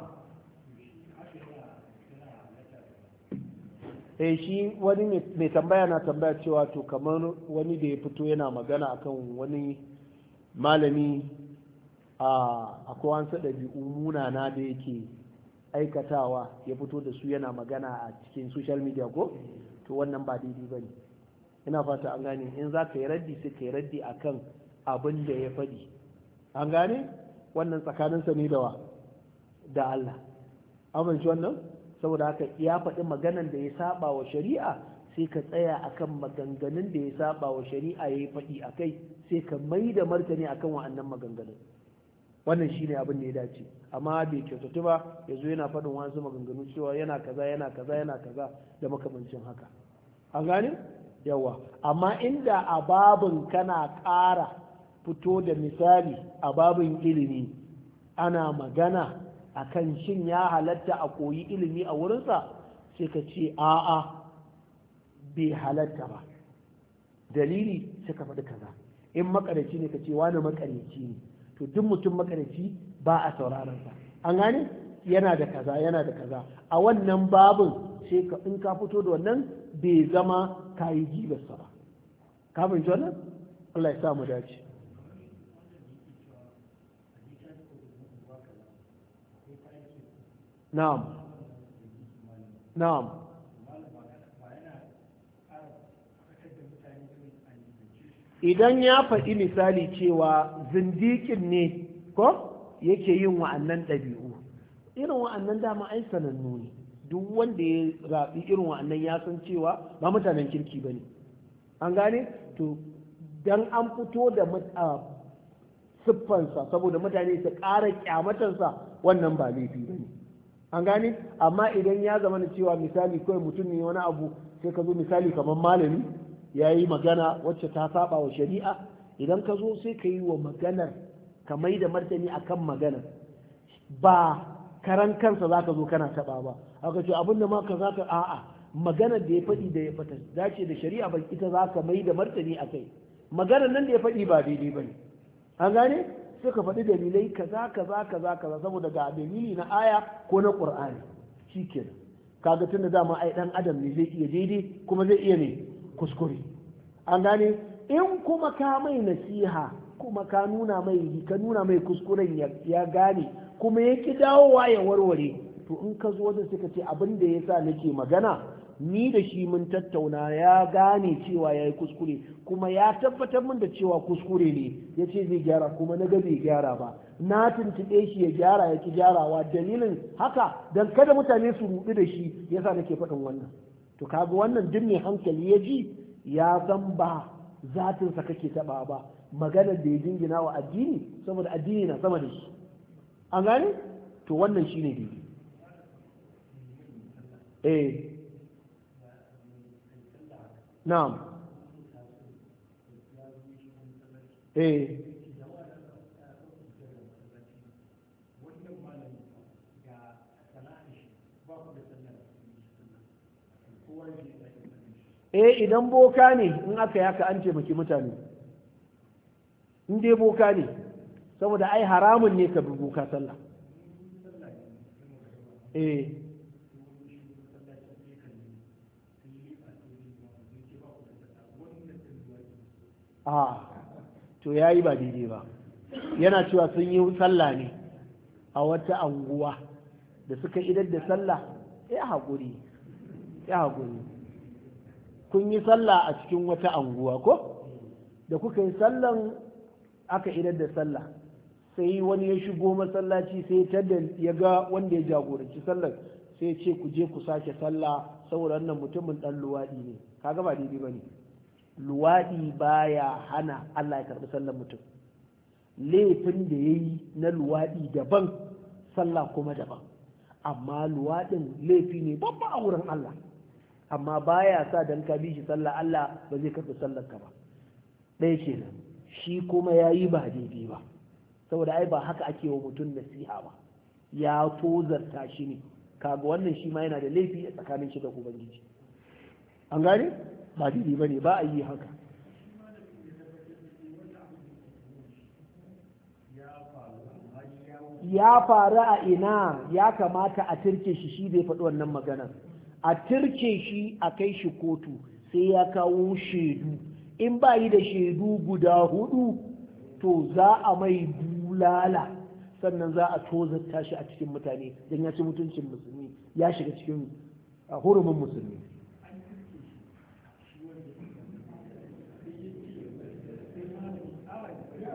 eh shi wani mai tambaya na tambaya cewa to kamar wani da ya fito yana magana akan wani malami a kowansa ɗabi'u munana da yake aikatawa ya fito da su yana magana a cikin social media ko to wannan ba daidai ba ne ina fata an gane in za ka yi raddi sai ka yi raddi a kan abin da ya faɗi an gane wannan tsakaninsa ne da wa da Allah amince wannan saboda haka ya faɗi maganan da ya saba wa shari'a sai ka tsaya akan maganganun da ya saba wa shari'a ya yi faɗi a kai sai ka mai da martani akan wa'annan maganganun wannan shi ne abin da ya dace amma bai kyautatu ba ya zo yana faɗin wasu maganganu cewa yana kaza yana kaza yana kaza da makamancin haka A gani? yawa amma inda a babin kana ƙara fito da misali a babin ilimi ana magana akan shin ya halatta a koyi ilimi a wurinsa sai ka ce a'a bai halatta ba dalili sai ka faɗi kaza in makarici ne ka ce wani makarici ne to duk mutum makarici ba a sauraron sa an gane yana da kaza yana da kaza a wannan babin sai ka in ka fito da wannan bai zama kayi gibarsa ba Kafin jona Allah ya sa mu dace نعم نعم idan ya faɗi misali cewa zindikin ne ko yake yin wa'annan dabi'u, irin wa'annan dama ai sanannu ne duk wanda ya raɓi irin wa'annan ya san cewa ba mutanen kirki ba ne an gane to dan an fito da siffansa saboda mutane su ƙara ƙyamatansa, wannan ba laifi ba ne an gane amma idan ya zama na cewa misali kawai mutum ne wani abu sai ka zo misali kamar malami ya yi magana wacce ta saba wa shari'a idan ka zo sai ka yi wa maganar ka mai da martani akan maganar ba karan kansa za ka zo kana taɓa ba aka ce abin da ma ka za ka a'a maganar da ya faɗi da ya fata dace da shari'a ba ita za ka mai da martani a kai maganar nan da ya faɗi ba daidai ba ne an gane sai ka faɗi dalilai kaza kaza kaza kaza saboda ga dalili na aya ko na qur'ani shikenan kaga tunda dama ai dan adam ne zai iya daidai kuma zai iya ne kuskure an gane in kuma ka mai nasiha kuma ka nuna mai ka nuna mai kuskuren ya gane kuma ya ki dawowa ya warware to in ka zo da suka ce abin da ya yasa nake magana ni da shi mun tattauna ya gane cewa ya yi kuskure kuma ya tabbatar min da cewa kuskure ne ya ce zai gyara kuma na ga bai gyara ba na tuntuɓe shi ya gyara ya ki gyarawa dalilin haka don kada mutane su ruɗu da shi ya yasa nake faɗin wannan to kaga wannan duk mai hankali ya ji ya san ba zatinsa kake taɓa ba maganar da ya jingina wa addini saboda addini na sama da shi an gane to wannan shine ne eh na'am eh eh idan boka ne in aka yi haka an taimaki mutane in dai boka ne saboda ai haramun ne ka bi boka sallah eh a ah, to ya yi ba daidai ba yana cewa sun yi sallah ne a wata anguwa da suka idar da sallah ya haƙuri ya haƙuri kun yi sallah a cikin wata anguwa ko da kuka yi sallan aka idar da sallah sai wani ya shigo masallaci sai ta ya ga wanda ya jagoranci sallar sai ya ce ku je ku sake sallah saboda wannan mutumin ɗan luwaɗi ne kaga ba daidai ba ne luwaɗi baya hana Allah ya karɓi sallar mutum laifin da ya yi na luwaɗi daban sallah kuma daban amma luwaɗin laifi ne babba a wurin Allah amma baya sa dan ka bi shi sallah Allah ba zai karɓi sallar ka ba ɗaya kenan shi kuma ya yi ba daidai ba saboda ai ba haka ake wa mutum nasiha ba ya tozarta shi ne kaga wannan shi ma yana da laifi a tsakanin shi da ubangiji an gane ba daidai ba ne ba a yi haka ya faru a ina ya kamata a turke shi shi bai faɗi wannan magana a turke shi a kai shi kotu sai ya kawo shaidu in ba yi da shaidu guda hudu to za a mai bulala sannan za a tozarta tashi a cikin mutane don ya ci mutuncin musulmi ya shiga cikin hurumin musulmi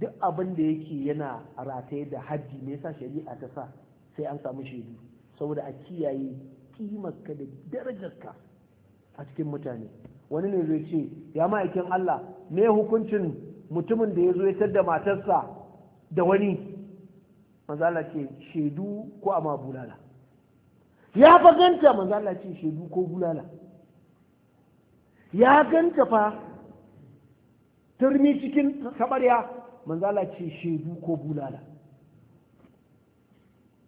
duk abin da yake yana rataye da hajji me yasa shari'a ta sa sai an samu shaidu saboda a kiyaye kimarka da darajarka a cikin mutane wani ne zai ce ya ma'aikin Allah me hukuncin mutumin da ya zo ya da matarsa da wani manzala ce shaidu ko amma bulala ya fa ganta manzala ce shaidu ko bulala ya ganta fa turmi cikin sabarya manzala ce shaidu ko bulala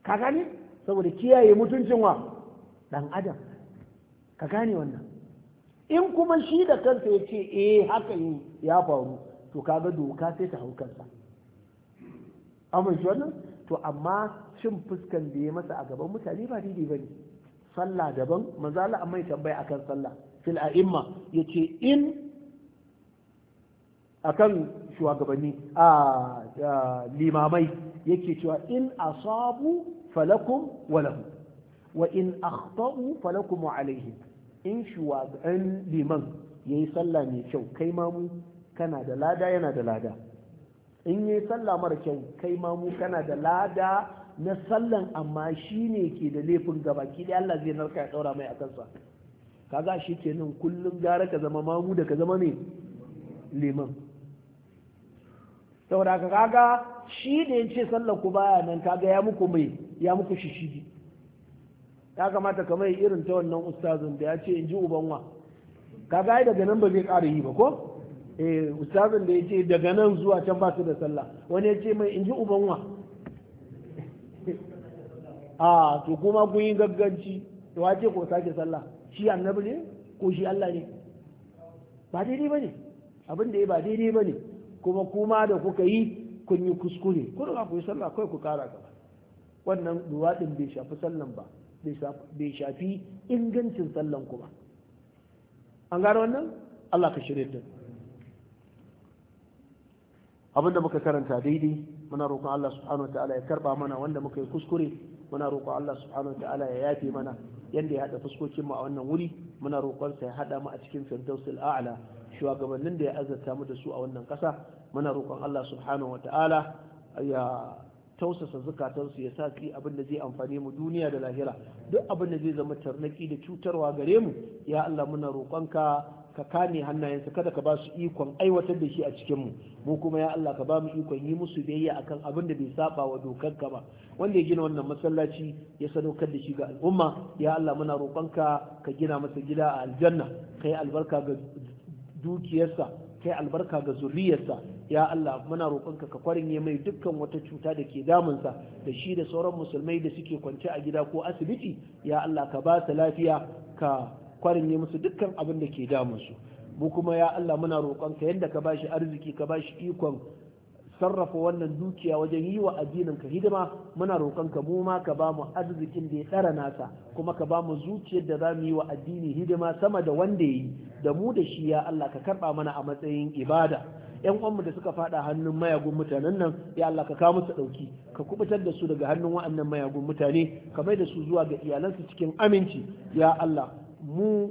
ka gani saboda kiyaye mutuncin wa dan adam ka gane wannan in kuma shi da kansa ya ce eh haka yi ya faru to kaga doka sai ta hau kansa amince wannan to amma cin fuskan da ya masa a gaban mutane ba daidai ba ne sallah daban manzala amma ya tambaya akan sallah fil a'imma yace in akan shugabanni a limamai yake cewa in asabu falakum walahu wa in akhta'u falakum wa alaihim in shugaban liman yayi sallah mai kyau kai mamu kana da lada yana da lada in yi sallah mara kyau kai mamu kana da lada na sallan amma shi ne ke da laifin gabaki da Allah zai narka ya daura mai a kansa kaga shi kenan kullum gara ka zama mamu da ka zama ne liman saboda ka kaga shi ne ya ce sallar ku baya nan kaga ya muku mai ya muku shishigi ya kamata ka mai irin ta wannan ustazin da ya ce in ji ubanwa kaga ai daga nan ba zai ƙara yi ba ko eh ustazin da ya ce daga nan zuwa can ba su da sallah wani ya ce mai in ji ubanwa a [LAUGHS] ah, to kuma kun yi gagganci to ce ko sake sallah shi annabi ne ko shi Allah ne ba daidai ba ne abin da ya ba daidai ba ne kuma kuma da kuka yi kun yi kuskure kun ba ku yi sallah kai ku kara gaba wannan din bai shafi sallan ba bai shafi ingancin sallan ku ba an gano wannan Allah ka shirye ta da muka karanta daidai muna roƙon Allah subhanahu wa ta'ala ya karba mana wanda muka yi kuskure muna roƙon Allah subhanahu wa ta'ala ya yafe mana yanda ya hada fuskokin mu a wannan wuri muna roƙon sa ya hada mu a cikin firdausul a'la shugabannin da ya azarta mu da su a wannan ƙasa muna roƙon Allah subhanahu wata'ala ya tausasa zukatansu ya sa su abin da zai amfani mu duniya da lahira duk abin da zai zama tarnaki da cutarwa gare mu ya Allah muna roƙonka ka kame hannayensa kada ka ba su ikon aiwatar da shi a cikin mu mu kuma ya Allah ka ba mu ikon yi musu biyayya akan abin da bai saba wa dokar ka ba wanda ya gina wannan masallaci ya sadaukar da shi ga al'umma ya Allah muna roƙonka ka gina masa gida a aljanna kai albarka ga dukiyarsa kai albarka ga zuriyarsa ya Allah muna roƙonka ka kwarinye mai dukkan wata cuta da ke damunsa da shi da sauran musulmai da suke kwance a gida ko asibiti ya Allah ka ba su lafiya ka kwarinye musu dukkan abin da ke damunsu mu kuma ya Allah muna roƙonka yadda ka bashi arziki ka bashi ikon sarrafa wannan dukiya wajen yi wa addinin ka hidima muna roƙon ka mu ma ka bamu arzikin da ya tsara nasa kuma ka bamu zuciyar da za mu yi wa addini hidima sama da wanda yi da mu da shi ya Allah ka karɓa mana a matsayin ibada yan uwanmu da suka faɗa hannun mayagun mutanen nan ya Allah ka kawo musu dauki ka kubutar da su daga hannun waɗannan mayagun mutane ka mai da su zuwa ga iyalansu cikin aminci ya Allah mu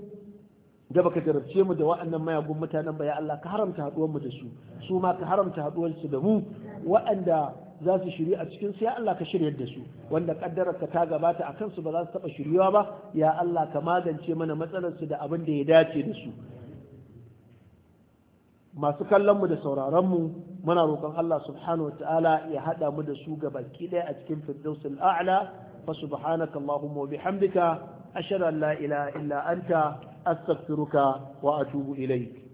da baka jarabce mu da wa'annan mayagun mutanen ba ya Allah ka haramta haduwar mu da su su ma ka haramta haduwar su da mu wa'anda za su shiri a cikin su ya Allah ka shiryar da su wanda kaddarar ka ta gabata a kansu ba za su taba shiryuwa ba ya Allah ka magance mana matsalar su da abin da ya dace da su masu kallon mu da sauraron mu muna roƙon Allah subhanahu wataala ya hada mu da su ga baki ɗaya a cikin firdausul a'la fa subhanaka allahumma wa bihamdika ashhadu an la ilaha illa anta أستغفرك وأتوب إليك